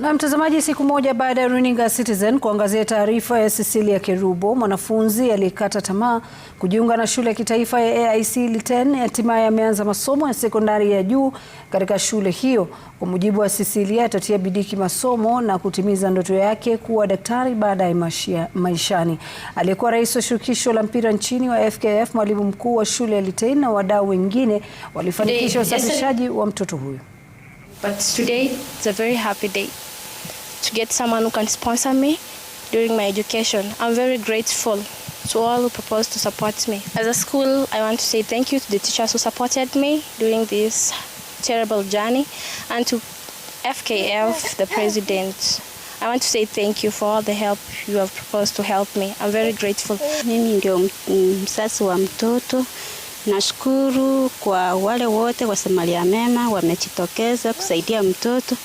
Na mtazamaji, siku moja baada ya runinga Citizen kuangazia taarifa ya Cecilia Kerubo, mwanafunzi aliyekata tamaa kujiunga na shule ya kitaifa ya AIC Liten, hatimaye ameanza masomo ya sekondari ya juu katika shule hiyo. Kwa mujibu wa Cecilia, atatia bidiki masomo na kutimiza ndoto yake kuwa daktari baadaye maishani. Aliyekuwa rais wa shirikisho la mpira nchini wa FKF, mwalimu mkuu wa shule ya Liten na wadau wengine walifanikisha eh, eh, usafishaji wa mtoto huyo. But today it's a very happy day to get someone who can sponsor me during my education. I'm very grateful to all who propose to support me. As a school, I want to say thank you to the teachers who supported me during this terrible journey and to FKF, the president. I want to say thank you for all the help you have proposed to help me. I'm very grateful. Mimi ndio msasi wa mtoto. Nashukuru kwa wale wote wasamaria mema wamejitokeza kusaidia mtoto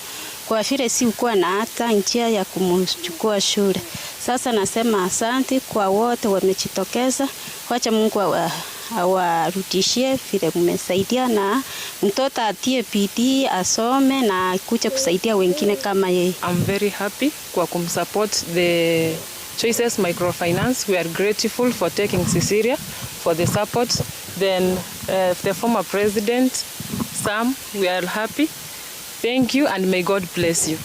kwa vile si ukuwa na hata njia ya kumchukua shule. Sasa nasema asante kwa wote wamejitokeza, wacha Mungu wa awarudishie vile mmesaidia, na mtoto atie bidii asome na kuja kusaidia wengine kama yeye. I'm very happy kwa kumsupport the Choices Microfinance. We are grateful for taking Cecilia for the support. Then uh, the former president Sam, we are happy Thank you and may God bless you.